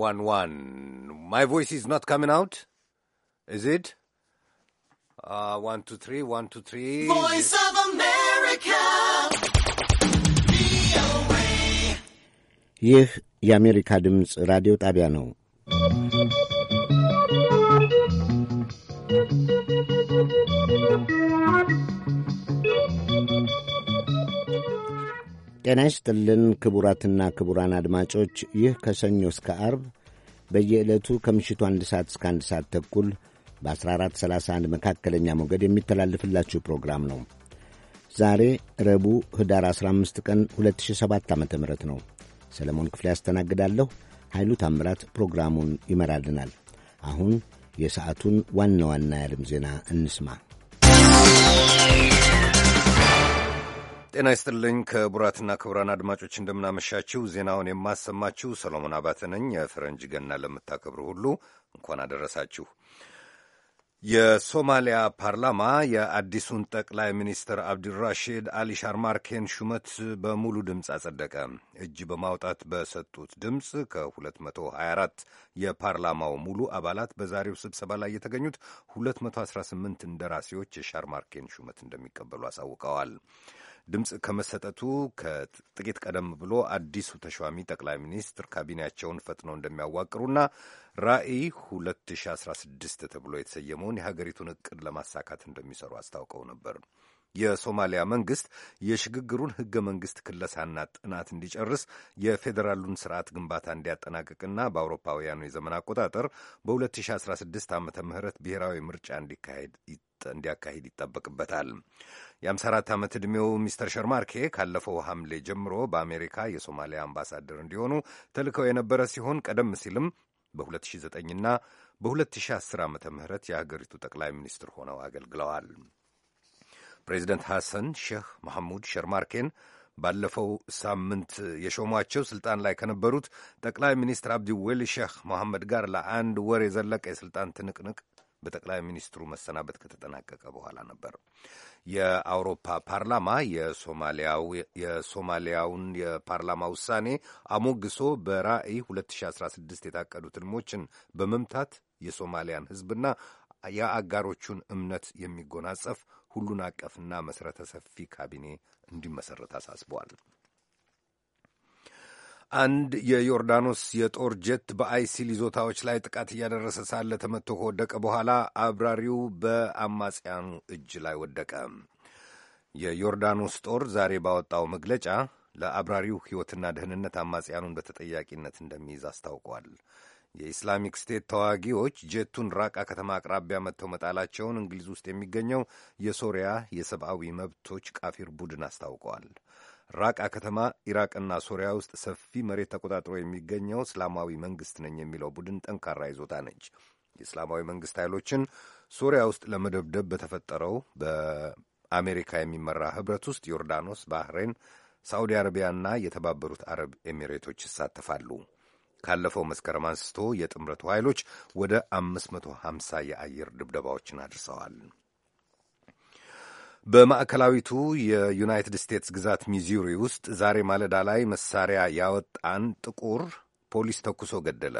one one. My voice is not coming out, is it? Uh, one two three, one two three. Voice of America. ይህ የአሜሪካ ድምፅ ራዲዮ ጣቢያ ነው። ጤና ይስጥልን ክቡራትና ክቡራን አድማጮች ይህ ከሰኞ እስከ አርብ በየዕለቱ ከምሽቱ አንድ ሰዓት እስከ አንድ ሰዓት ተኩል በ1431 መካከለኛ ሞገድ የሚተላልፍላችሁ ፕሮግራም ነው። ዛሬ ረቡዕ ህዳር 15 ቀን 2007 ዓ ም ነው። ሰለሞን ክፍሌ ያስተናግዳለሁ። ኃይሉ ታምራት ፕሮግራሙን ይመራልናል። አሁን የሰዓቱን ዋና ዋና የዓለም ዜና እንስማ። ጤና ይስጥልኝ ክቡራትና ክቡራን አድማጮች እንደምናመሻችው ዜናውን የማሰማችው ሰሎሞን አባተ ነኝ። የፈረንጅ ገና ለምታከብሩ ሁሉ እንኳን አደረሳችሁ። የሶማሊያ ፓርላማ የአዲሱን ጠቅላይ ሚኒስትር አብዱራሺድ አሊ ሻርማርኬን ሹመት በሙሉ ድምፅ አጸደቀ። እጅ በማውጣት በሰጡት ድምፅ ከ224 የፓርላማው ሙሉ አባላት በዛሬው ስብሰባ ላይ የተገኙት 218 እንደራሴዎች የሻርማርኬን ሹመት እንደሚቀበሉ አሳውቀዋል። ድምፅ ከመሰጠቱ ከጥቂት ቀደም ብሎ አዲሱ ተሿሚ ጠቅላይ ሚኒስትር ካቢኔያቸውን ፈጥነው እንደሚያዋቅሩና ራዕይ 2016 ተብሎ የተሰየመውን የሀገሪቱን እቅድ ለማሳካት እንደሚሰሩ አስታውቀው ነበር። የሶማሊያ መንግስት የሽግግሩን ህገ መንግስት ክለሳና ጥናት እንዲጨርስ የፌዴራሉን ስርዓት ግንባታ እንዲያጠናቅቅና በአውሮፓውያኑ የዘመን አቆጣጠር በ2016 ዓመተ ምህረት ብሔራዊ ምርጫ እንዲካሄድ እንዲያካሂድ ይጠበቅበታል። የ54 ዓመት ዕድሜው ሚስተር ሸርማርኬ ካለፈው ሐምሌ ጀምሮ በአሜሪካ የሶማሊያ አምባሳደር እንዲሆኑ ተልከው የነበረ ሲሆን ቀደም ሲልም በ2009ና በ2010 ዓ ም የሀገሪቱ ጠቅላይ ሚኒስትር ሆነው አገልግለዋል። ፕሬዚደንት ሐሰን ሼህ መሐሙድ ሸርማርኬን ባለፈው ሳምንት የሾሟቸው ስልጣን ላይ ከነበሩት ጠቅላይ ሚኒስትር አብዲ ወሊ ሼህ መሐመድ ጋር ለአንድ ወር የዘለቀ የስልጣን ትንቅንቅ በጠቅላይ ሚኒስትሩ መሰናበት ከተጠናቀቀ በኋላ ነበር። የአውሮፓ ፓርላማ የሶማሊያውን የፓርላማ ውሳኔ አሞግሶ በራዕይ 2016 የታቀዱት ህልሞችን በመምታት የሶማሊያን ህዝብና የአጋሮቹን እምነት የሚጎናጸፍ ሁሉን አቀፍና መሠረተ ሰፊ ካቢኔ እንዲመሠረት አሳስበዋል። አንድ የዮርዳኖስ የጦር ጀት በአይሲል ይዞታዎች ላይ ጥቃት እያደረሰ ሳለ ተመቶ ከወደቀ በኋላ አብራሪው በአማጽያኑ እጅ ላይ ወደቀ። የዮርዳኖስ ጦር ዛሬ ባወጣው መግለጫ ለአብራሪው ሕይወትና ደህንነት አማጽያኑን በተጠያቂነት እንደሚይዝ አስታውቋል። የኢስላሚክ ስቴት ተዋጊዎች ጀቱን ራቃ ከተማ አቅራቢያ መጥተው መጣላቸውን እንግሊዝ ውስጥ የሚገኘው የሶሪያ የሰብአዊ መብቶች ቃፊር ቡድን አስታውቀዋል። ራቃ ከተማ ኢራቅና ሶሪያ ውስጥ ሰፊ መሬት ተቆጣጥሮ የሚገኘው እስላማዊ መንግስት ነኝ የሚለው ቡድን ጠንካራ ይዞታ ነች። የእስላማዊ መንግስት ኃይሎችን ሶሪያ ውስጥ ለመደብደብ በተፈጠረው በአሜሪካ የሚመራ ህብረት ውስጥ ዮርዳኖስ፣ ባህሬን፣ ሳዑዲ አረቢያና የተባበሩት አረብ ኤሚሬቶች ይሳተፋሉ። ካለፈው መስከረም አንስቶ የጥምረቱ ኃይሎች ወደ 550 የአየር ድብደባዎችን አድርሰዋል። በማዕከላዊቱ የዩናይትድ ስቴትስ ግዛት ሚዙሪ ውስጥ ዛሬ ማለዳ ላይ መሳሪያ ያወጣን ጥቁር ፖሊስ ተኩሶ ገደለ።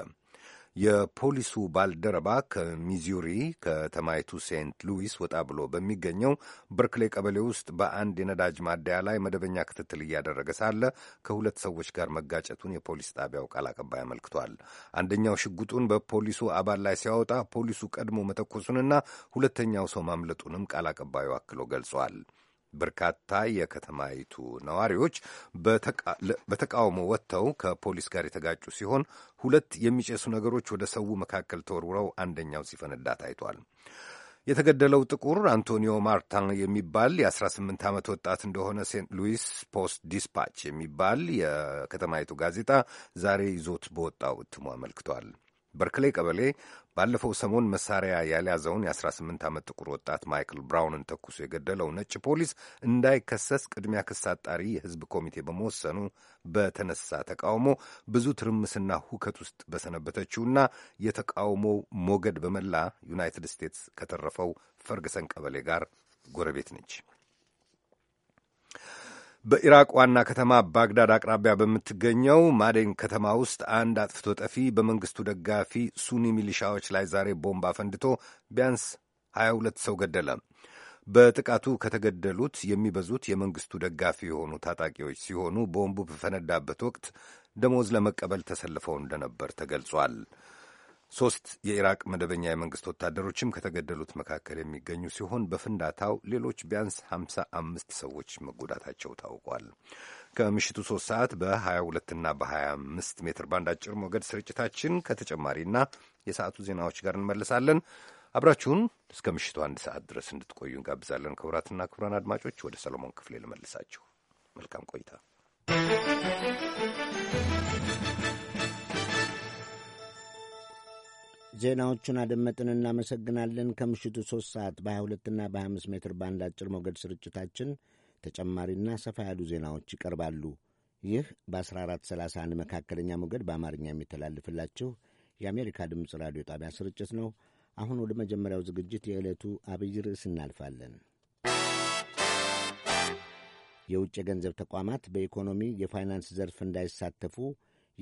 የፖሊሱ ባልደረባ ከሚዙሪ ከተማይቱ ሴንት ሉዊስ ወጣ ብሎ በሚገኘው በርክሌ ቀበሌ ውስጥ በአንድ የነዳጅ ማደያ ላይ መደበኛ ክትትል እያደረገ ሳለ ከሁለት ሰዎች ጋር መጋጨቱን የፖሊስ ጣቢያው ቃል አቀባይ አመልክቷል። አንደኛው ሽጉጡን በፖሊሱ አባል ላይ ሲያወጣ ፖሊሱ ቀድሞ መተኮሱንና ሁለተኛው ሰው ማምለጡንም ቃል አቀባዩ አክሎ ገልጿል። በርካታ የከተማይቱ ነዋሪዎች በተቃውሞ ወጥተው ከፖሊስ ጋር የተጋጩ ሲሆን ሁለት የሚጨሱ ነገሮች ወደ ሰው መካከል ተወርውረው አንደኛው ሲፈነዳ ታይቷል። የተገደለው ጥቁር አንቶኒዮ ማርታን የሚባል የ18 ዓመት ወጣት እንደሆነ ሴንት ሉዊስ ፖስት ዲስፓች የሚባል የከተማይቱ ጋዜጣ ዛሬ ይዞት በወጣው እትሙ አመልክቷል። በርክሌ ቀበሌ ባለፈው ሰሞን መሳሪያ ያልያዘውን የ18 ዓመት ጥቁር ወጣት ማይክል ብራውንን ተኩሶ የገደለው ነጭ ፖሊስ እንዳይከሰስ ቅድሚያ ክስ አጣሪ የሕዝብ ኮሚቴ በመወሰኑ በተነሳ ተቃውሞ ብዙ ትርምስና ሁከት ውስጥ በሰነበተችውና የተቃውሞው ሞገድ በመላ ዩናይትድ ስቴትስ ከተረፈው ፈርግሰን ቀበሌ ጋር ጎረቤት ነች። በኢራቅ ዋና ከተማ ባግዳድ አቅራቢያ በምትገኘው ማዴን ከተማ ውስጥ አንድ አጥፍቶ ጠፊ በመንግስቱ ደጋፊ ሱኒ ሚሊሻዎች ላይ ዛሬ ቦምብ አፈንድቶ ቢያንስ 22 ሰው ገደለ። በጥቃቱ ከተገደሉት የሚበዙት የመንግስቱ ደጋፊ የሆኑ ታጣቂዎች ሲሆኑ ቦምቡ በፈነዳበት ወቅት ደሞዝ ለመቀበል ተሰልፈው እንደነበር ተገልጿል። ሦስት የኢራቅ መደበኛ የመንግሥት ወታደሮችም ከተገደሉት መካከል የሚገኙ ሲሆን በፍንዳታው ሌሎች ቢያንስ ሃምሳ አምስት ሰዎች መጎዳታቸው ታውቋል። ከምሽቱ ሦስት ሰዓት በ22ና በ25 ሜትር ባንድ አጭር ሞገድ ስርጭታችን ከተጨማሪና የሰዓቱ ዜናዎች ጋር እንመልሳለን። አብራችሁን እስከ ምሽቱ አንድ ሰዓት ድረስ እንድትቆዩ እንጋብዛለን። ክቡራትና ክቡራን አድማጮች ወደ ሰሎሞን ክፍሌ ልመልሳችሁ። መልካም ቆይታ። ዜናዎቹን አደመጥን፣ እናመሰግናለን። ከምሽቱ ሶስት ሰዓት በ22ና በ25 ሜትር ባንድ አጭር ሞገድ ስርጭታችን ተጨማሪና ሰፋ ያሉ ዜናዎች ይቀርባሉ። ይህ በ1431 መካከለኛ ሞገድ በአማርኛ የሚተላልፍላችሁ የአሜሪካ ድምፅ ራዲዮ ጣቢያ ስርጭት ነው። አሁን ወደ መጀመሪያው ዝግጅት የዕለቱ አብይ ርዕስ እናልፋለን። የውጭ የገንዘብ ተቋማት በኢኮኖሚ የፋይናንስ ዘርፍ እንዳይሳተፉ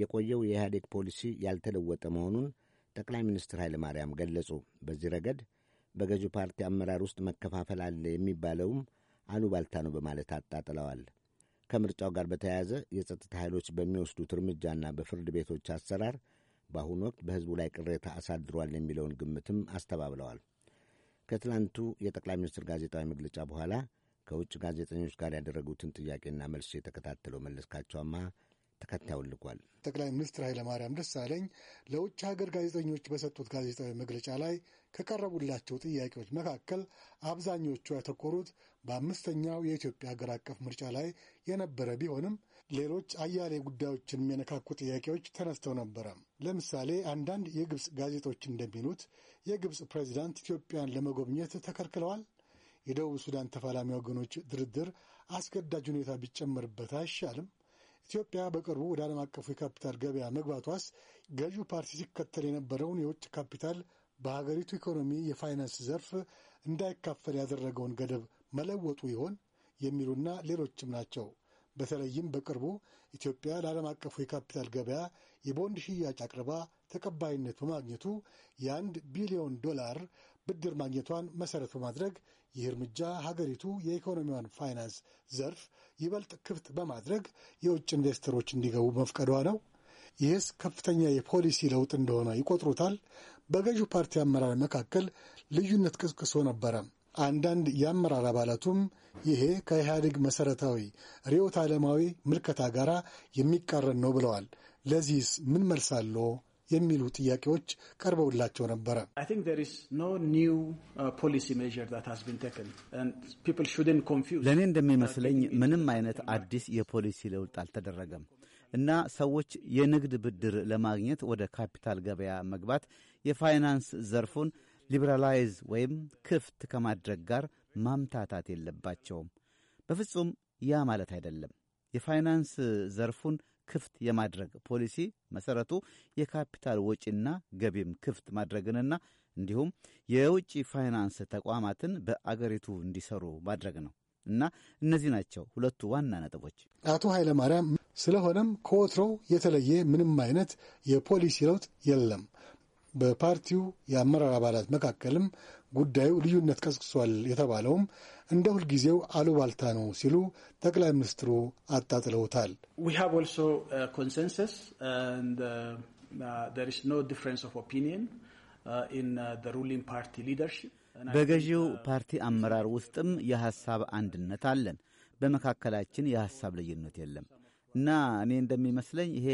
የቆየው የኢህአዴግ ፖሊሲ ያልተለወጠ መሆኑን ጠቅላይ ሚኒስትር ኃይለ ማርያም ገለጹ። በዚህ ረገድ በገዢው ፓርቲ አመራር ውስጥ መከፋፈል አለ የሚባለውም አሉባልታ ነው በማለት አጣጥለዋል። ከምርጫው ጋር በተያያዘ የጸጥታ ኃይሎች በሚወስዱት እርምጃና በፍርድ ቤቶች አሰራር በአሁኑ ወቅት በሕዝቡ ላይ ቅሬታ አሳድሯል የሚለውን ግምትም አስተባብለዋል። ከትላንቱ የጠቅላይ ሚኒስትር ጋዜጣዊ መግለጫ በኋላ ከውጭ ጋዜጠኞች ጋር ያደረጉትን ጥያቄና መልስ የተከታተለው መለስካቸዋማ ተከታዩን ልኳል። ጠቅላይ ሚኒስትር ኃይለማርያም ደሳለኝ ለውጭ ሀገር ጋዜጠኞች በሰጡት ጋዜጣዊ መግለጫ ላይ ከቀረቡላቸው ጥያቄዎች መካከል አብዛኞቹ ያተኮሩት በአምስተኛው የኢትዮጵያ ሀገር አቀፍ ምርጫ ላይ የነበረ ቢሆንም ሌሎች አያሌ ጉዳዮችን የሚነካኩ ጥያቄዎች ተነስተው ነበረ። ለምሳሌ አንዳንድ የግብፅ ጋዜጦች እንደሚሉት የግብፅ ፕሬዚዳንት ኢትዮጵያን ለመጎብኘት ተከልክለዋል። የደቡብ ሱዳን ተፋላሚ ወገኖች ድርድር አስገዳጅ ሁኔታ ቢጨመርበት አይሻልም? ኢትዮጵያ በቅርቡ ወደ ዓለም አቀፉ የካፒታል ገበያ መግባቷስ ገዢው ፓርቲ ሲከተል የነበረውን የውጭ ካፒታል በሀገሪቱ ኢኮኖሚ የፋይናንስ ዘርፍ እንዳይካፈል ያደረገውን ገደብ መለወጡ ይሆን የሚሉና ሌሎችም ናቸው። በተለይም በቅርቡ ኢትዮጵያ ለዓለም አቀፉ የካፒታል ገበያ የቦንድ ሽያጭ አቅርባ ተቀባይነት በማግኘቱ የአንድ ቢሊዮን ዶላር ብድር ማግኘቷን መሰረት በማድረግ ይህ እርምጃ ሀገሪቱ የኢኮኖሚዋን ፋይናንስ ዘርፍ ይበልጥ ክፍት በማድረግ የውጭ ኢንቨስተሮች እንዲገቡ መፍቀዷ ነው። ይህስ ከፍተኛ የፖሊሲ ለውጥ እንደሆነ ይቆጥሩታል። በገዢው ፓርቲ አመራር መካከል ልዩነት ቅስቅሶ ነበረ። አንዳንድ የአመራር አባላቱም ይሄ ከኢህአዴግ መሠረታዊ ርዕዮተ ዓለማዊ ምልከታ ጋር የሚቃረን ነው ብለዋል። ለዚህስ ምን መልሳለሁ የሚሉ ጥያቄዎች ቀርበውላቸው ነበረ። uh, ለእኔ እንደሚመስለኝ ምንም አይነት አዲስ የፖሊሲ ለውጥ አልተደረገም እና ሰዎች የንግድ ብድር ለማግኘት ወደ ካፒታል ገበያ መግባት የፋይናንስ ዘርፉን ሊበራላይዝ ወይም ክፍት ከማድረግ ጋር ማምታታት የለባቸውም። በፍጹም ያ ማለት አይደለም። የፋይናንስ ዘርፉን ክፍት የማድረግ ፖሊሲ መሰረቱ የካፒታል ወጪና ገቢም ክፍት ማድረግንና እንዲሁም የውጭ ፋይናንስ ተቋማትን በአገሪቱ እንዲሰሩ ማድረግ ነው እና እነዚህ ናቸው ሁለቱ ዋና ነጥቦች አቶ ኃይለማርያም። ስለሆነም ከወትሮው የተለየ ምንም አይነት የፖሊሲ ለውጥ የለም። በፓርቲው የአመራር አባላት መካከልም ጉዳዩ ልዩነት ቀስቅሷል የተባለውም እንደ ሁልጊዜው አሉባልታ ነው ሲሉ ጠቅላይ ሚኒስትሩ አጣጥለውታል። ኮንሰንሰስ uh, uh, uh, በገዢው ፓርቲ አመራር ውስጥም የሐሳብ አንድነት አለን። በመካከላችን የሐሳብ ልዩነት የለም እና እኔ እንደሚመስለኝ ይሄ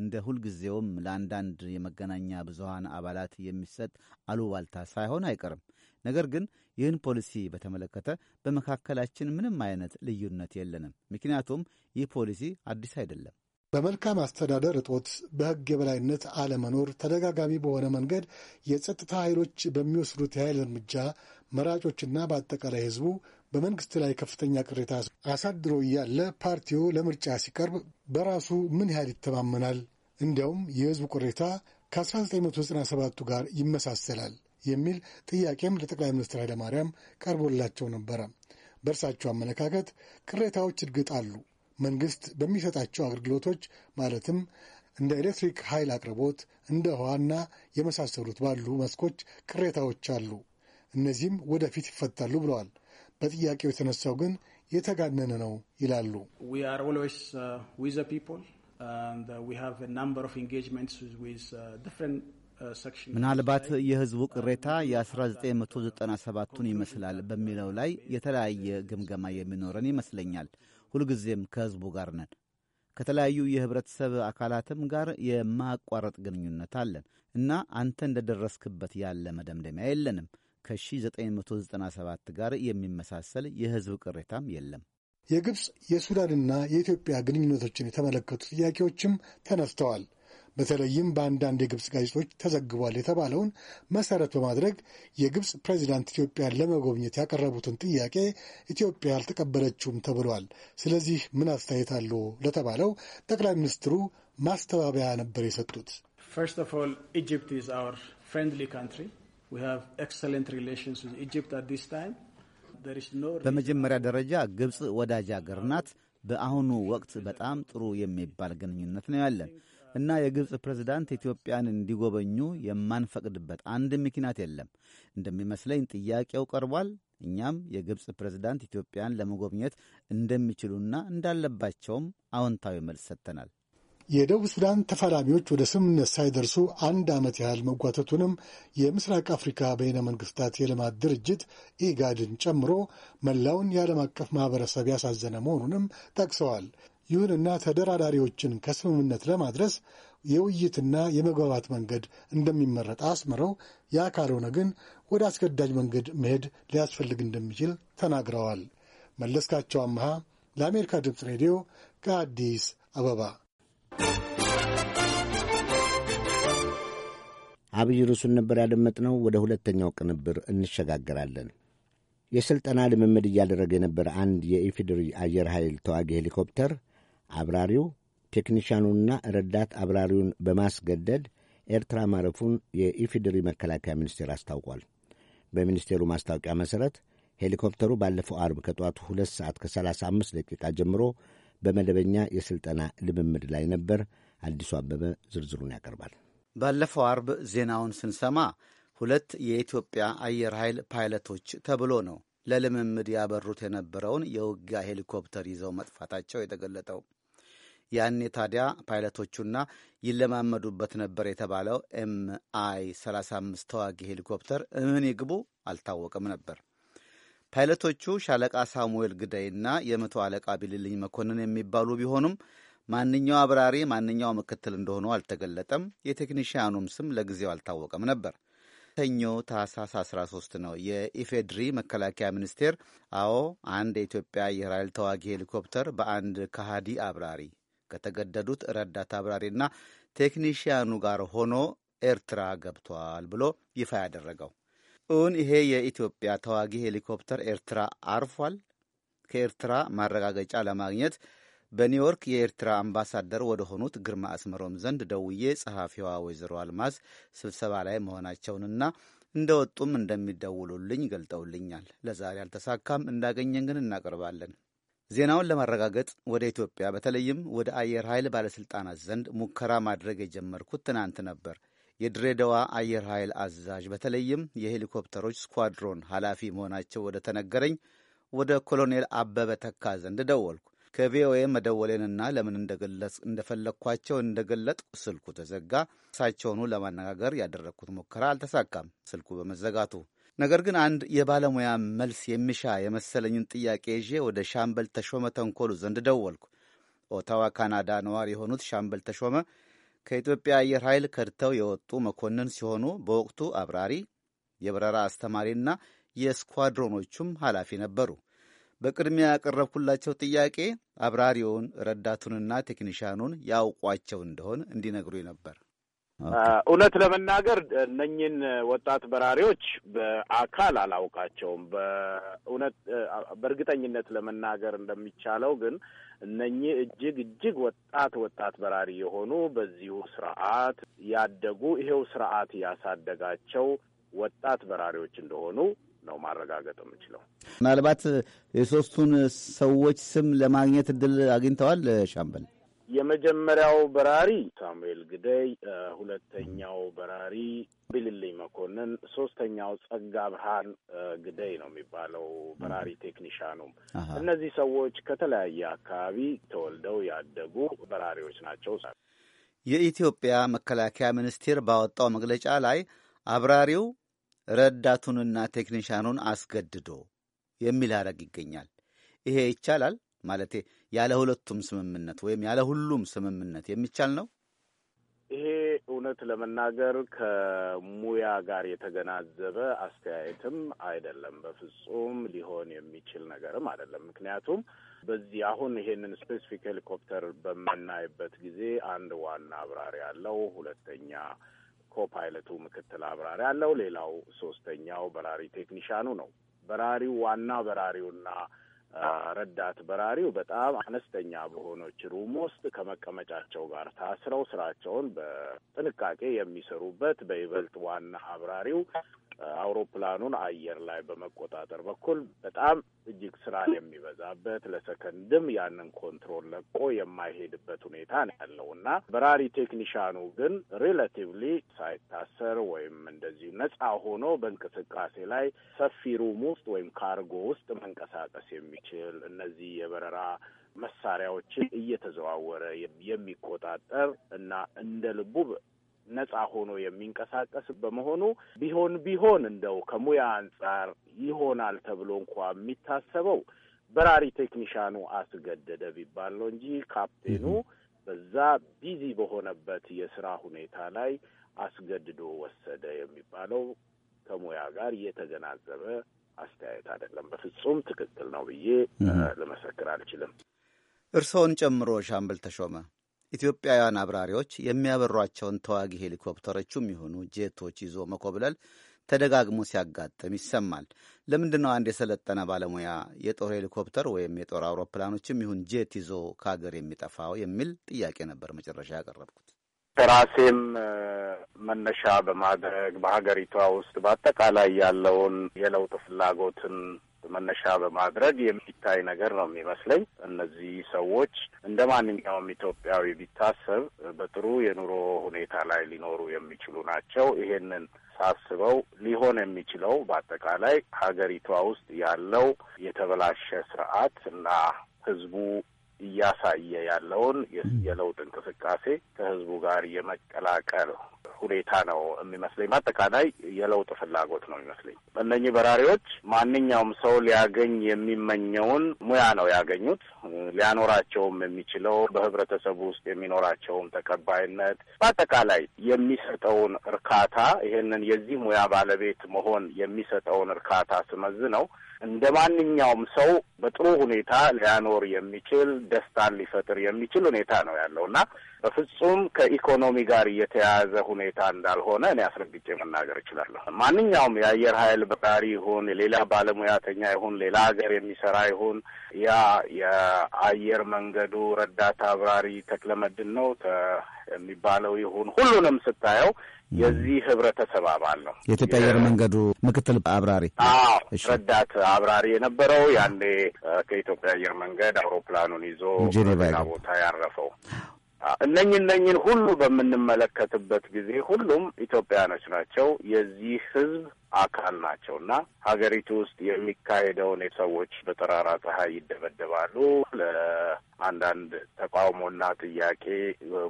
እንደ ሁልጊዜውም ለአንዳንድ የመገናኛ ብዙሃን አባላት የሚሰጥ አሉባልታ ሳይሆን አይቀርም። ነገር ግን ይህን ፖሊሲ በተመለከተ በመካከላችን ምንም አይነት ልዩነት የለንም። ምክንያቱም ይህ ፖሊሲ አዲስ አይደለም። በመልካም አስተዳደር እጦት፣ በሕግ የበላይነት አለመኖር ተደጋጋሚ በሆነ መንገድ የጸጥታ ኃይሎች በሚወስዱት የኃይል እርምጃ መራጮችና በአጠቃላይ ሕዝቡ በመንግስት ላይ ከፍተኛ ቅሬታ አሳድሮ እያለ ፓርቲው ለምርጫ ሲቀርብ በራሱ ምን ያህል ይተማመናል? እንዲያውም የሕዝቡ ቅሬታ ከ1997ቱ ጋር ይመሳሰላል። የሚል ጥያቄም ለጠቅላይ ሚኒስትር ኃይለማርያም ቀርቦላቸው ነበረ። በእርሳቸው አመለካከት ቅሬታዎች እድግጥ አሉ። መንግስት በሚሰጣቸው አገልግሎቶች ማለትም እንደ ኤሌክትሪክ ኃይል አቅርቦት፣ እንደ ውሃና የመሳሰሉት ባሉ መስኮች ቅሬታዎች አሉ። እነዚህም ወደፊት ይፈታሉ ብለዋል። በጥያቄው የተነሳው ግን የተጋነነ ነው ይላሉ። ምናልባት የህዝቡ ቅሬታ የ1997ቱን ይመስላል በሚለው ላይ የተለያየ ግምገማ የሚኖረን ይመስለኛል። ሁልጊዜም ከህዝቡ ጋር ነን። ከተለያዩ የህብረተሰብ አካላትም ጋር የማቋረጥ ግንኙነት አለን እና አንተ እንደደረስክበት ያለ መደምደሚያ የለንም። ከ1997 ጋር የሚመሳሰል የህዝብ ቅሬታም የለም። የግብፅ የሱዳንና የኢትዮጵያ ግንኙነቶችን የተመለከቱ ጥያቄዎችም ተነስተዋል። በተለይም በአንዳንድ የግብፅ ጋዜጦች ተዘግቧል የተባለውን መሰረት በማድረግ የግብፅ ፕሬዚዳንት ኢትዮጵያን ለመጎብኘት ያቀረቡትን ጥያቄ ኢትዮጵያ አልተቀበለችውም ተብሏል። ስለዚህ ምን አስተያየት አሉ ለተባለው ጠቅላይ ሚኒስትሩ ማስተባበያ ነበር የሰጡት። First of all, Egypt is our friendly country. በመጀመሪያ ደረጃ ግብፅ ወዳጅ አገር ናት። በአሁኑ ወቅት በጣም ጥሩ የሚባል ግንኙነት ነው ያለን። እና የግብፅ ፕሬዝዳንት ኢትዮጵያን እንዲጎበኙ የማንፈቅድበት አንድ ምክንያት የለም። እንደሚመስለኝ ጥያቄው ቀርቧል። እኛም የግብፅ ፕሬዝዳንት ኢትዮጵያን ለመጎብኘት እንደሚችሉና እንዳለባቸውም አዎንታዊ መልስ ሰጥተናል። የደቡብ ሱዳን ተፋላሚዎች ወደ ስምምነት ሳይደርሱ አንድ ዓመት ያህል መጓተቱንም የምስራቅ አፍሪካ በይነ መንግስታት የልማት ድርጅት ኢጋድን ጨምሮ መላውን የዓለም አቀፍ ማህበረሰብ ያሳዘነ መሆኑንም ጠቅሰዋል። ይሁንና ተደራዳሪዎችን ከስምምነት ለማድረስ የውይይትና የመግባባት መንገድ እንደሚመረጥ አስምረው፣ ያ ካልሆነ ግን ወደ አስገዳጅ መንገድ መሄድ ሊያስፈልግ እንደሚችል ተናግረዋል። መለስካቸው አመሃ ለአሜሪካ ድምፅ ሬዲዮ ከአዲስ አበባ። አብይ ርዕሱን ነበር ያደመጥነው። ወደ ሁለተኛው ቅንብር እንሸጋገራለን። የሥልጠና ልምምድ እያደረገ የነበረ አንድ የኢፌዴሪ አየር ኃይል ተዋጊ ሄሊኮፕተር አብራሪው ቴክኒሽያኑንና ረዳት አብራሪውን በማስገደድ ኤርትራ ማረፉን የኢፌዴሪ መከላከያ ሚኒስቴር አስታውቋል። በሚኒስቴሩ ማስታወቂያ መሠረት ሄሊኮፕተሩ ባለፈው አርብ ከጠዋቱ 2 ሰዓት ከ35 ደቂቃ ጀምሮ በመደበኛ የሥልጠና ልምምድ ላይ ነበር። አዲሱ አበበ ዝርዝሩን ያቀርባል። ባለፈው አርብ ዜናውን ስንሰማ ሁለት የኢትዮጵያ አየር ኃይል ፓይለቶች ተብሎ ነው ለልምምድ ያበሩት የነበረውን የውጊያ ሄሊኮፕተር ይዘው መጥፋታቸው የተገለጠው። ያኔ ታዲያ ፓይለቶቹና ይለማመዱበት ነበር የተባለው ኤምአይ 35 ተዋጊ ሄሊኮፕተር እምን ይግቡ አልታወቅም ነበር። ፓይለቶቹ ሻለቃ ሳሙኤል ና የመቶ አለቃ ቢልልኝ መኮንን የሚባሉ ቢሆኑም ማንኛው አብራሪ ማንኛው ምክትል እንደሆኑ አልተገለጠም። የቴክኒሽያኑም ስም ለጊዜው አልታወቀም ነበር። ሰኞ ታህሳስ 13 ነው። የኢፌድሪ መከላከያ ሚኒስቴር አዎ አንድ የኢትዮጵያ የራይል ተዋጊ ሄሊኮፕተር በአንድ ከሃዲ አብራሪ ከተገደዱት ረዳት አብራሪና ቴክኒሽያኑ ጋር ሆኖ ኤርትራ ገብቷል ብሎ ይፋ ያደረገው እውን ይሄ የኢትዮጵያ ተዋጊ ሄሊኮፕተር ኤርትራ አርፏል? ከኤርትራ ማረጋገጫ ለማግኘት በኒውዮርክ የኤርትራ አምባሳደር ወደ ሆኑት ግርማ አስመሮም ዘንድ ደውዬ ጸሐፊዋ ወይዘሮ አልማዝ ስብሰባ ላይ መሆናቸውንና እንደወጡም እንደሚደውሉልኝ ገልጠውልኛል። ለዛሬ አልተሳካም፣ እንዳገኘን ግን እናቀርባለን። ዜናውን ለማረጋገጥ ወደ ኢትዮጵያ በተለይም ወደ አየር ኃይል ባለሥልጣናት ዘንድ ሙከራ ማድረግ የጀመርኩት ትናንት ነበር። የድሬዳዋ አየር ኃይል አዛዥ በተለይም የሄሊኮፕተሮች ስኳድሮን ኃላፊ መሆናቸው ወደ ተነገረኝ ወደ ኮሎኔል አበበ ተካ ዘንድ ደወልኩ። ከቪኦኤ መደወሌንና ለምን እንደፈለግኳቸው እንደገለጥኩ ስልኩ ተዘጋ። እሳቸውኑ ለማነጋገር ያደረግኩት ሙከራ አልተሳካም ስልኩ በመዘጋቱ። ነገር ግን አንድ የባለሙያ መልስ የሚሻ የመሰለኝን ጥያቄ ይዤ ወደ ሻምበል ተሾመ ተንኮሉ ዘንድ ደወልኩ። ኦታዋ ካናዳ ነዋሪ የሆኑት ሻምበል ተሾመ ከኢትዮጵያ አየር ኃይል ከድተው የወጡ መኮንን ሲሆኑ በወቅቱ አብራሪ፣ የበረራ አስተማሪና የስኳድሮኖቹም ኃላፊ ነበሩ። በቅድሚያ ያቀረብኩላቸው ጥያቄ አብራሪውን ረዳቱንና ቴክኒሽያኑን ያውቋቸው እንደሆን እንዲነግሩ ነበር። እውነት ለመናገር እነኝን ወጣት በራሪዎች በአካል አላውቃቸውም። በእውነት በእርግጠኝነት ለመናገር እንደሚቻለው ግን እነኚህ እጅግ እጅግ ወጣት ወጣት በራሪ የሆኑ በዚሁ ስርዓት ያደጉ ይሄው ስርዓት ያሳደጋቸው ወጣት በራሪዎች እንደሆኑ ነው ማረጋገጥ የምችለው። ምናልባት የሶስቱን ሰዎች ስም ለማግኘት እድል አግኝተዋል ሻምበል? የመጀመሪያው በራሪ ሳሙኤል ግደይ፣ ሁለተኛው በራሪ ቢልልኝ መኮንን፣ ሶስተኛው ጸጋ ብርሃን ግደይ ነው የሚባለው በራሪ ቴክኒሻኑ። እነዚህ ሰዎች ከተለያየ አካባቢ ተወልደው ያደጉ በራሪዎች ናቸው። የኢትዮጵያ መከላከያ ሚኒስቴር ባወጣው መግለጫ ላይ አብራሪው ረዳቱንና ቴክኒሻኑን አስገድዶ የሚል አረግ ይገኛል። ይሄ ይቻላል ማለት ያለ ሁለቱም ስምምነት ወይም ያለ ሁሉም ስምምነት የሚቻል ነው። ይሄ እውነት ለመናገር ከሙያ ጋር የተገናዘበ አስተያየትም አይደለም። በፍጹም ሊሆን የሚችል ነገርም አይደለም። ምክንያቱም በዚህ አሁን ይሄንን ስፔሲፊክ ሄሊኮፕተር በምናይበት ጊዜ አንድ ዋና አብራሪ ያለው፣ ሁለተኛ ኮፓይለቱ ምክትል አብራሪ አለው። ሌላው ሶስተኛው በራሪ ቴክኒሻኑ ነው። በራሪው ዋና በራሪውና ረዳት በራሪው በጣም አነስተኛ በሆነች ሩም ውስጥ ከመቀመጫቸው ጋር ታስረው ስራቸውን በጥንቃቄ የሚሰሩበት በይበልጥ ዋና አብራሪው አውሮፕላኑን አየር ላይ በመቆጣጠር በኩል በጣም እጅግ ስራ የሚበዛበት ለሰከንድም ያንን ኮንትሮል ለቆ የማይሄድበት ሁኔታ ነው ያለው እና በራሪ ቴክኒሻኑ ግን ሪላቲቭሊ ሳይታሰር ወይም እንደዚህ ነጻ ሆኖ በእንቅስቃሴ ላይ ሰፊ ሩም ውስጥ ወይም ካርጎ ውስጥ መንቀሳቀስ የሚችል እነዚህ የበረራ መሳሪያዎችን እየተዘዋወረ የሚቆጣጠር እና እንደ ልቡ ነጻ ሆኖ የሚንቀሳቀስ በመሆኑ ቢሆን ቢሆን እንደው ከሙያ አንጻር ይሆናል ተብሎ እንኳ የሚታሰበው በራሪ ቴክኒሻኑ አስገደደ ቢባል ነው እንጂ ካፕቴኑ በዛ ቢዚ በሆነበት የስራ ሁኔታ ላይ አስገድዶ ወሰደ የሚባለው ከሙያ ጋር የተገናዘበ አስተያየት አይደለም። በፍጹም ትክክል ነው ብዬ ልመሰክር አልችልም። እርስዎን ጨምሮ ሻምብል ተሾመ ኢትዮጵያውያን አብራሪዎች የሚያበሯቸውን ተዋጊ ሄሊኮፕተሮቹም የሆኑ ጄቶች ይዞ መኮብለል ተደጋግሞ ሲያጋጥም ይሰማል። ለምንድን ነው አንድ የሰለጠነ ባለሙያ የጦር ሄሊኮፕተር ወይም የጦር አውሮፕላኖችም ይሁን ጄት ይዞ ከሀገር የሚጠፋው የሚል ጥያቄ ነበር መጨረሻ ያቀረብኩት። ከራሴም መነሻ በማድረግ በሀገሪቷ ውስጥ በአጠቃላይ ያለውን የለውጥ ፍላጎትን መነሻ በማድረግ የሚታይ ነገር ነው የሚመስለኝ። እነዚህ ሰዎች እንደ ማንኛውም ኢትዮጵያዊ ቢታሰብ በጥሩ የኑሮ ሁኔታ ላይ ሊኖሩ የሚችሉ ናቸው። ይሄንን ሳስበው ሊሆን የሚችለው በአጠቃላይ ሀገሪቷ ውስጥ ያለው የተበላሸ ስርዓት እና ህዝቡ እያሳየ ያለውን የለውጥ እንቅስቃሴ ከህዝቡ ጋር የመቀላቀል ሁኔታ ነው የሚመስለኝ። በአጠቃላይ የለውጥ ፍላጎት ነው የሚመስለኝ። እነኚህ በራሪዎች ማንኛውም ሰው ሊያገኝ የሚመኘውን ሙያ ነው ያገኙት። ሊያኖራቸውም የሚችለው በህብረተሰቡ ውስጥ የሚኖራቸውም ተቀባይነት፣ በአጠቃላይ የሚሰጠውን እርካታ ይህንን የዚህ ሙያ ባለቤት መሆን የሚሰጠውን እርካታ ስመዝ ነው እንደ ማንኛውም ሰው በጥሩ ሁኔታ ሊያኖር የሚችል ደስታን ሊፈጥር የሚችል ሁኔታ ነው ያለው እና በፍጹም ከኢኮኖሚ ጋር እየተያያዘ ሁኔታ እንዳልሆነ እኔ አስረግጬ መናገር እችላለሁ። ማንኛውም የአየር ኃይል በራሪ ይሁን ሌላ ባለሙያተኛ ይሁን ሌላ ሀገር የሚሰራ ይሁን ያ የአየር መንገዱ ረዳት አብራሪ ተክለመድን ነው የሚባለው ይሁን ሁሉንም ስታየው የዚህ ህብረተሰብ አባል ነው። የኢትዮጵያ አየር መንገዱ ምክትል አብራሪ፣ አዎ ረዳት አብራሪ የነበረው ያኔ ከኢትዮጵያ አየር መንገድ አውሮፕላኑን ይዞ ጄኔቫ ቦታ ያረፈው። እነኝ እነኝን ሁሉ በምንመለከትበት ጊዜ ሁሉም ኢትዮጵያኖች ናቸው። የዚህ ህዝብ አካል ናቸው እና ሀገሪቱ ውስጥ የሚካሄደውን የሰዎች በጠራራ ፀሐይ ይደበደባሉ ለአንዳንድ ተቃውሞና ጥያቄ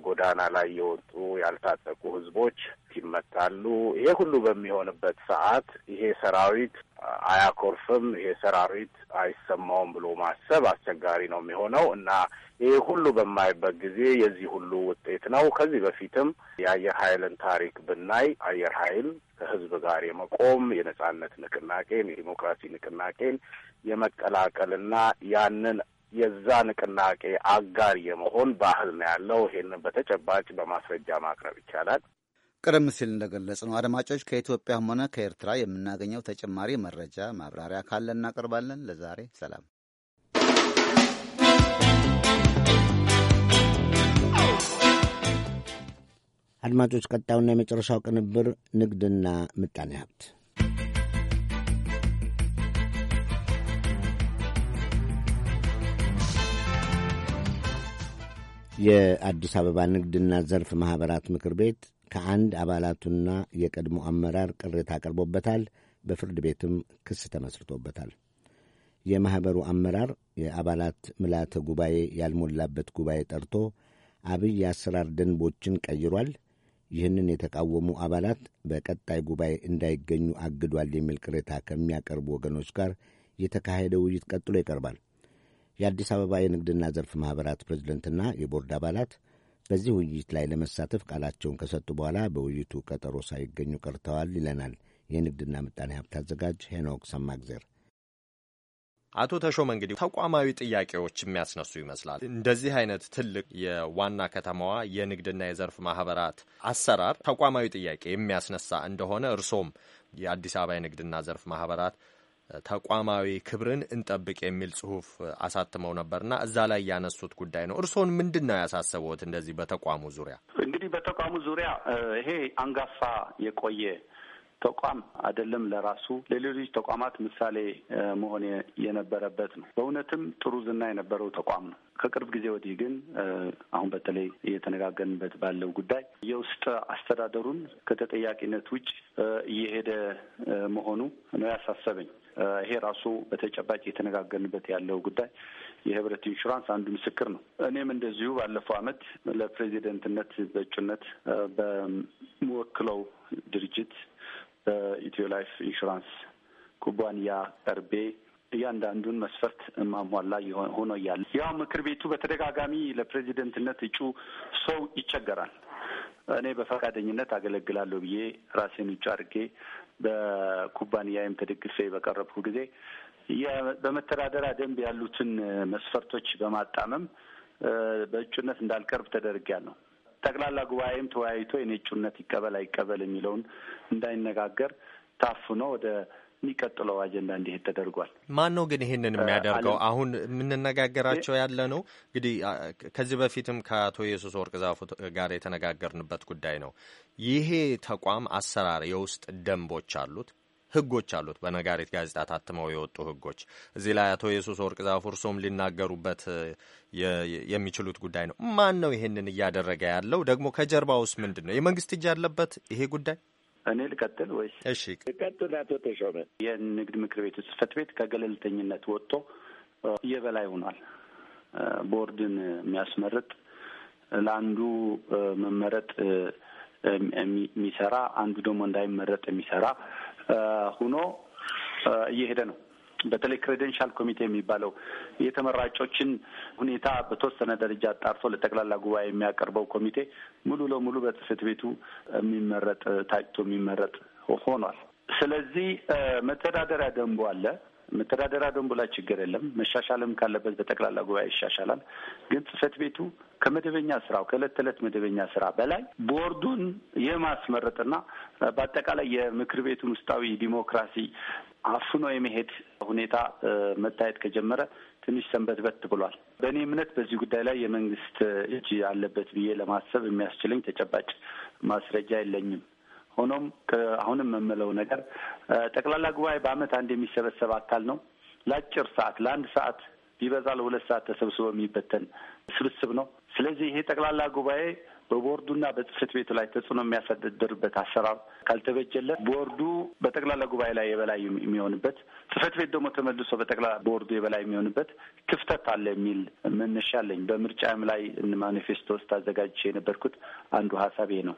ጎዳና ላይ የወጡ ያልታጠቁ ህዝቦች ይመታሉ። ይሄ ሁሉ በሚሆንበት ሰዓት ይሄ ሰራዊት አያኮርፍም፣ ይሄ ሰራዊት አይሰማውም ብሎ ማሰብ አስቸጋሪ ነው የሚሆነው እና ይህ ሁሉ በማይበት ጊዜ የዚህ ሁሉ ውጤት ነው። ከዚህ በፊትም የአየር ኃይልን ታሪክ ብናይ አየር ኃይል ከህዝብ ጋር የመቆም የነጻነት ንቅናቄን የዲሞክራሲ ንቅናቄን የመቀላቀልና ያንን የዛ ንቅናቄ አጋር የመሆን ባህል ነው ያለው። ይሄንን በተጨባጭ በማስረጃ ማቅረብ ይቻላል። ቀደም ሲል እንደገለጽ ነው አድማጮች፣ ከኢትዮጵያም ሆነ ከኤርትራ የምናገኘው ተጨማሪ መረጃ ማብራሪያ ካለ እናቀርባለን። ለዛሬ ሰላም። አድማጮች፣ ቀጣዩና የመጨረሻው ቅንብር ንግድና ምጣኔ ሀብት የአዲስ አበባ ንግድና ዘርፍ ማኅበራት ምክር ቤት ከአንድ አባላቱና የቀድሞ አመራር ቅሬታ አቅርቦበታል። በፍርድ ቤትም ክስ ተመስርቶበታል። የማኅበሩ አመራር የአባላት ምልዓተ ጉባኤ ያልሞላበት ጉባኤ ጠርቶ አብይ የአሰራር ደንቦችን ቀይሯል፣ ይህንን የተቃወሙ አባላት በቀጣይ ጉባኤ እንዳይገኙ አግዷል የሚል ቅሬታ ከሚያቀርቡ ወገኖች ጋር የተካሄደ ውይይት ቀጥሎ ይቀርባል። የአዲስ አበባ የንግድና ዘርፍ ማኅበራት ፕሬዝደንትና የቦርድ አባላት በዚህ ውይይት ላይ ለመሳተፍ ቃላቸውን ከሰጡ በኋላ በውይይቱ ቀጠሮ ሳይገኙ ቀርተዋል ይለናል የንግድና ምጣኔ ሀብት አዘጋጅ ሄኖክ ሰማግዜር። አቶ ተሾመ እንግዲህ ተቋማዊ ጥያቄዎች የሚያስነሱ ይመስላል። እንደዚህ አይነት ትልቅ የዋና ከተማዋ የንግድና የዘርፍ ማህበራት አሰራር ተቋማዊ ጥያቄ የሚያስነሳ እንደሆነ እርሶም የአዲስ አበባ የንግድና ዘርፍ ማህበራት ተቋማዊ ክብርን እንጠብቅ የሚል ጽሁፍ አሳትመው ነበርና እዛ ላይ ያነሱት ጉዳይ ነው። እርስዎን ምንድን ነው ያሳሰበዎት? እንደዚህ በተቋሙ ዙሪያ እንግዲህ በተቋሙ ዙሪያ ይሄ አንጋፋ የቆየ ተቋም አይደለም ለራሱ ለሌሎች ተቋማት ምሳሌ መሆን የነበረበት ነው። በእውነትም ጥሩ ዝና የነበረው ተቋም ነው። ከቅርብ ጊዜ ወዲህ ግን አሁን በተለይ እየተነጋገርንበት ባለው ጉዳይ የውስጥ አስተዳደሩን ከተጠያቂነት ውጭ እየሄደ መሆኑ ነው ያሳሰበኝ። ይሄ ራሱ በተጨባጭ እየተነጋገርንበት ያለው ጉዳይ የህብረት ኢንሹራንስ አንዱ ምስክር ነው። እኔም እንደዚሁ ባለፈው ዓመት ለፕሬዚደንትነት በእጩነት በምወክለው ድርጅት በኢትዮ ላይፍ ኢንሹራንስ ኩባንያ ቀርቤ እያንዳንዱን መስፈርት ማሟላ ሆኖ እያለ ያው ምክር ቤቱ በተደጋጋሚ ለፕሬዚደንትነት እጩ ሰው ይቸገራል። እኔ በፈቃደኝነት አገለግላለሁ ብዬ ራሴን እጩ አድርጌ በኩባንያዬም ተደግፌ በቀረብኩ ጊዜ በመተዳደሪያ ደንብ ያሉትን መስፈርቶች በማጣመም በእጩነት እንዳልቀርብ ተደርጌያለሁ። ጠቅላላ ጉባኤም ተወያይቶ የነጩነት ይቀበል አይቀበል የሚለውን እንዳይነጋገር ታፍኖ ወደ የሚቀጥለው አጀንዳ እንዲሄድ ተደርጓል። ማን ነው ግን ይህንን የሚያደርገው? አሁን የምንነጋገራቸው ያለ ነው እንግዲህ ከዚህ በፊትም ከአቶ ኢየሱስ ወርቅ ዛፉ ጋር የተነጋገርንበት ጉዳይ ነው። ይሄ ተቋም አሰራር የውስጥ ደንቦች አሉት፣ ህጎች አሉት። በነጋሪት ጋዜጣ ታትመው የወጡ ህጎች እዚህ ላይ አቶ ኢየሱስ ወርቅ ዛፍ እርሶም ሊናገሩበት የሚችሉት ጉዳይ ነው። ማን ነው ይሄንን እያደረገ ያለው? ደግሞ ከጀርባ ውስጥ ምንድን ነው? የመንግስት እጅ ያለበት ይሄ ጉዳይ? እኔ ልቀጥል ወይስ? እሺ ልቀጥል። አቶ ተሾመ የንግድ ምክር ቤቱ ጽህፈት ቤት ከገለልተኝነት ወጥቶ የበላይ ሆኗል። ቦርድን የሚያስመርጥ ለአንዱ መመረጥ የሚሰራ አንዱ ደግሞ እንዳይመረጥ የሚሰራ ሁኖ እየሄደ ነው። በተለይ ክሬደንሻል ኮሚቴ የሚባለው የተመራጮችን ሁኔታ በተወሰነ ደረጃ አጣርቶ ለጠቅላላ ጉባኤ የሚያቀርበው ኮሚቴ ሙሉ ለሙሉ በጽህፈት ቤቱ የሚመረጥ ታጭቶ የሚመረጥ ሆኗል። ስለዚህ መተዳደሪያ ደንቡ አለ። መተዳደሪያ ደንቡ ላይ ችግር የለም። መሻሻልም ካለበት በጠቅላላ ጉባኤ ይሻሻላል። ግን ጽህፈት ቤቱ ከመደበኛ ስራው ከእለት ተዕለት መደበኛ ስራ በላይ ቦርዱን የማስመረጥና በአጠቃላይ የምክር ቤቱን ውስጣዊ ዲሞክራሲ አፍኖ የመሄድ ሁኔታ መታየት ከጀመረ ትንሽ ሰንበት በት ብሏል። በእኔ እምነት በዚህ ጉዳይ ላይ የመንግስት እጅ አለበት ብዬ ለማሰብ የሚያስችለኝ ተጨባጭ ማስረጃ የለኝም። ሆኖም አሁንም የምለው ነገር ጠቅላላ ጉባኤ በአመት አንድ የሚሰበሰብ አካል ነው። ለአጭር ሰዓት ለአንድ ሰዓት ቢበዛ ለሁለት ሰዓት ተሰብስቦ የሚበተን ስብስብ ነው። ስለዚህ ይሄ ጠቅላላ ጉባኤ በቦርዱና በጽህፈት ቤቱ ላይ ተጽዕኖ የሚያሳደድርበት አሰራር ካልተበጀለት ቦርዱ በጠቅላላ ጉባኤ ላይ የበላይ የሚሆንበት ጽህፈት ቤት ደግሞ ተመልሶ በጠቅላላ ቦርዱ የበላይ የሚሆንበት ክፍተት አለ የሚል መነሻ አለኝ። በምርጫም ላይ ማኒፌስቶ ውስጥ አዘጋጅቼ የነበርኩት አንዱ ሀሳቤ ነው።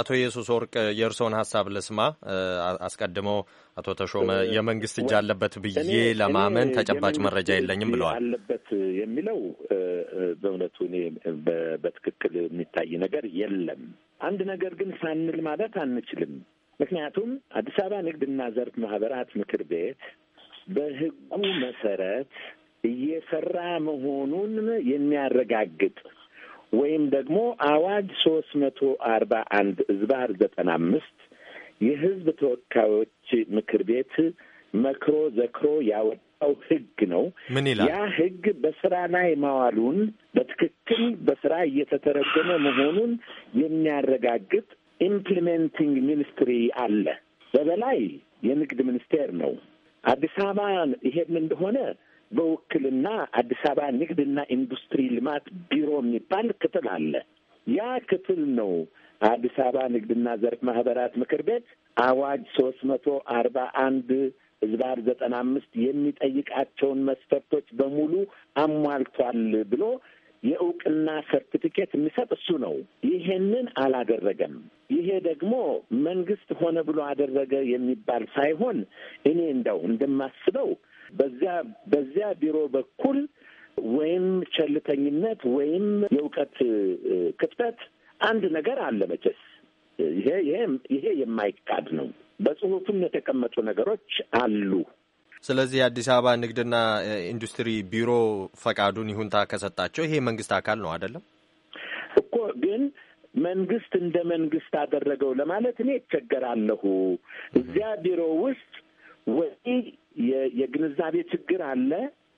አቶ ኢየሱስ ወርቅ የእርስዎን ሀሳብ ልስማ አስቀድመው አቶ ተሾመ የመንግስት እጅ አለበት ብዬ ለማመን ተጨባጭ መረጃ የለኝም ብለዋል። አለበት የሚለው በእውነቱ እኔ በትክክል የሚታይ ነገር የለም። አንድ ነገር ግን ሳንል ማለት አንችልም። ምክንያቱም አዲስ አበባ ንግድና ዘርፍ ማህበራት ምክር ቤት በህጉ መሰረት እየሰራ መሆኑን የሚያረጋግጥ ወይም ደግሞ አዋጅ ሶስት መቶ አርባ አንድ ዝባር ዘጠና አምስት የህዝብ ተወካዮች ምክር ቤት መክሮ ዘክሮ ያወጣው ህግ ነው። ምን ይላል ያ ህግ? በስራ ላይ ማዋሉን በትክክል በስራ እየተተረጎመ መሆኑን የሚያረጋግጥ ኢምፕሊሜንቲንግ ሚኒስትሪ አለ። በበላይ የንግድ ሚኒስቴር ነው። አዲስ አበባ ይሄም እንደሆነ በውክልና አዲስ አበባ ንግድና ኢንዱስትሪ ልማት ቢሮ የሚባል ክፍል አለ። ያ ክፍል ነው አዲስ አበባ ንግድና ዘርፍ ማህበራት ምክር ቤት አዋጅ ሶስት መቶ አርባ አንድ ህዝባር ዘጠና አምስት የሚጠይቃቸውን መስፈርቶች በሙሉ አሟልቷል ብሎ የእውቅና ሰርቲፊኬት የሚሰጥ እሱ ነው። ይሄንን አላደረገም። ይሄ ደግሞ መንግስት ሆነ ብሎ አደረገ የሚባል ሳይሆን እኔ እንደው እንደማስበው በዚያ በዚያ ቢሮ በኩል ወይም ቸልተኝነት ወይም የእውቀት ክፍተት አንድ ነገር አለ መቼስ ይሄ ይሄ የማይካድ ነው። በጽሁፍም የተቀመጡ ነገሮች አሉ። ስለዚህ የአዲስ አበባ ንግድና ኢንዱስትሪ ቢሮ ፈቃዱን ይሁንታ ከሰጣቸው ይሄ መንግስት አካል ነው አይደለም እኮ ግን መንግስት እንደ መንግስት አደረገው ለማለት እኔ እቸገራለሁ። እዚያ ቢሮ ውስጥ ወይ የግንዛቤ ችግር አለ፣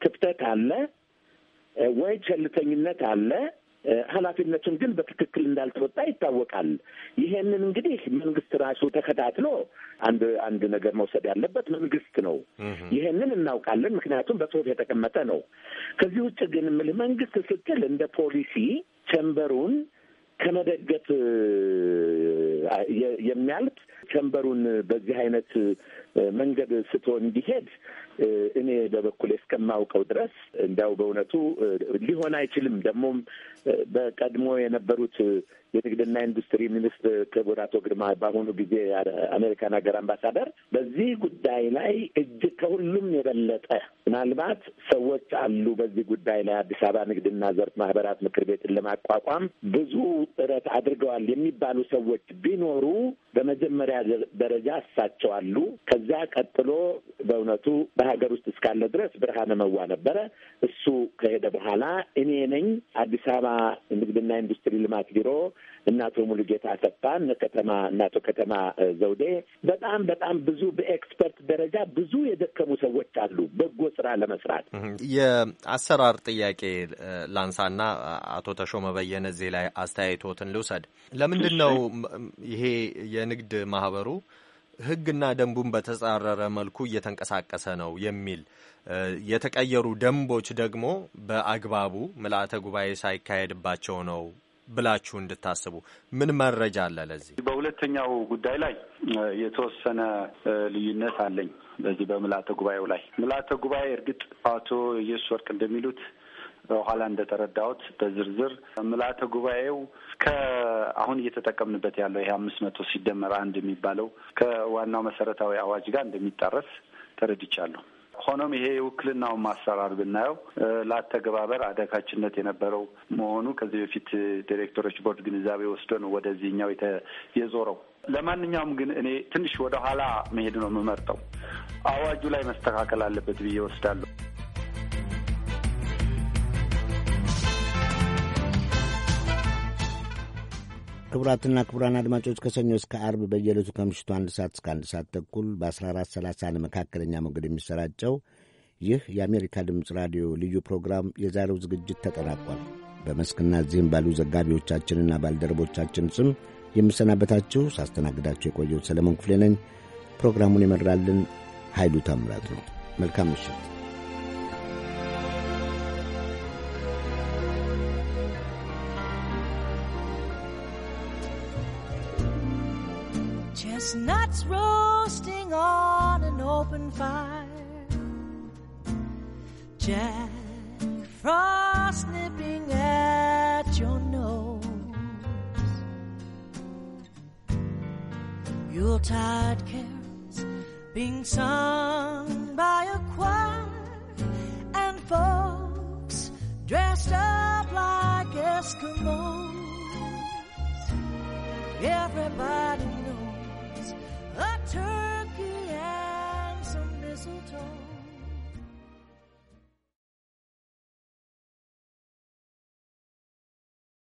ክፍተት አለ፣ ወይ ቸልተኝነት አለ ኃላፊነቱን ግን በትክክል እንዳልተወጣ ይታወቃል። ይሄንን እንግዲህ መንግስት ራሱ ተከታትሎ አንድ አንድ ነገር መውሰድ ያለበት መንግስት ነው። ይሄንን እናውቃለን፣ ምክንያቱም በጽሁፍ የተቀመጠ ነው። ከዚህ ውጭ ግን የምልህ መንግስት ስትል እንደ ፖሊሲ ቸምበሩን ከመደገፍ የሚያልፍ ቸንበሩን በዚህ አይነት መንገድ ስቶ እንዲሄድ እኔ በበኩል እስከማውቀው ድረስ እንዲያው በእውነቱ ሊሆን አይችልም። ደግሞም በቀድሞ የነበሩት የንግድና ኢንዱስትሪ ሚኒስትር ክቡር አቶ ግርማ በአሁኑ ጊዜ አሜሪካን ሀገር አምባሳደር በዚህ ጉዳይ ላይ እጅግ ከሁሉም የበለጠ ምናልባት ሰዎች አሉ በዚህ ጉዳይ ላይ አዲስ አበባ ንግድና ዘርፍ ማህበራት ምክር ቤትን ለማቋቋም ብዙ ጥረት አድርገዋል የሚባሉ ሰዎች ቢኖሩ በመጀመሪያ ደረጃ እሳቸው አሉ። ከዛ ቀጥሎ በእውነቱ በሀገር ውስጥ እስካለ ድረስ ብርሃነ መዋ ነበረ። እሱ ከሄደ በኋላ እኔ ነኝ አዲስ አበባ ንግድና ኢንዱስትሪ ልማት ቢሮ እናቶ አቶ ሙሉጌታ አሰፋ እነ ከተማ እና አቶ ከተማ ዘውዴ በጣም በጣም ብዙ በኤክስፐርት ደረጃ ብዙ የደከሙ ሰዎች አሉ በጎ ስራ ለመስራት። የአሰራር ጥያቄ ላንሳና አቶ ተሾመ በየነ እዚህ ላይ አስተያየቶትን ልውሰድ። ለምንድን ነው ይሄ የንግድ ማህበር ማህበሩ ህግና ደንቡን በተጻረረ መልኩ እየተንቀሳቀሰ ነው የሚል የተቀየሩ ደንቦች ደግሞ በአግባቡ ምልአተ ጉባኤ ሳይካሄድባቸው ነው ብላችሁ እንድታስቡ ምን መረጃ አለ? ለዚህ በሁለተኛው ጉዳይ ላይ የተወሰነ ልዩነት አለኝ። በዚህ በምልአተ ጉባኤው ላይ ምልአተ ጉባኤ እርግጥ አቶ ኢየሱስ ወርቅ እንደሚሉት በኋላ እንደተረዳሁት በዝርዝር ምልአተ ጉባኤው ከአሁን እየተጠቀምንበት ያለው ይሄ አምስት መቶ ሲደመር አንድ የሚባለው ከዋናው መሰረታዊ አዋጅ ጋር እንደሚጣረስ ተረድቻለሁ። ሆኖም ይሄ የውክልናውን ማሰራር ብናየው ለአተገባበር አዳጋችነት የነበረው መሆኑ ከዚህ በፊት ዲሬክተሮች ቦርድ ግንዛቤ ወስዶ ነው ወደዚህኛው የዞረው። ለማንኛውም ግን እኔ ትንሽ ወደ ኋላ መሄድ ነው የምመርጠው። አዋጁ ላይ መስተካከል አለበት ብዬ ወስዳለሁ። ክቡራትና ክቡራን አድማጮች ከሰኞ እስከ አርብ በየዕለቱ ከምሽቱ አንድ ሰዓት እስከ አንድ ሰዓት ተኩል በ1430 መካከለኛ ሞገድ የሚሰራጨው ይህ የአሜሪካ ድምፅ ራዲዮ ልዩ ፕሮግራም የዛሬው ዝግጅት ተጠናቋል። በመስክና እዚህም ባሉ ዘጋቢዎቻችንና ባልደረቦቻችን ስም የምሰናበታችሁ ሳስተናግዳችሁ የቆየሁት ሰለሞን ክፍሌ ነኝ። ፕሮግራሙን የመራልን ኃይሉ ታምራት ነው። መልካም ምሽት። open fire. Jack Frost nipping at your nose. Yuletide carols being sung by a choir and folks dressed up like Eskimos. Everybody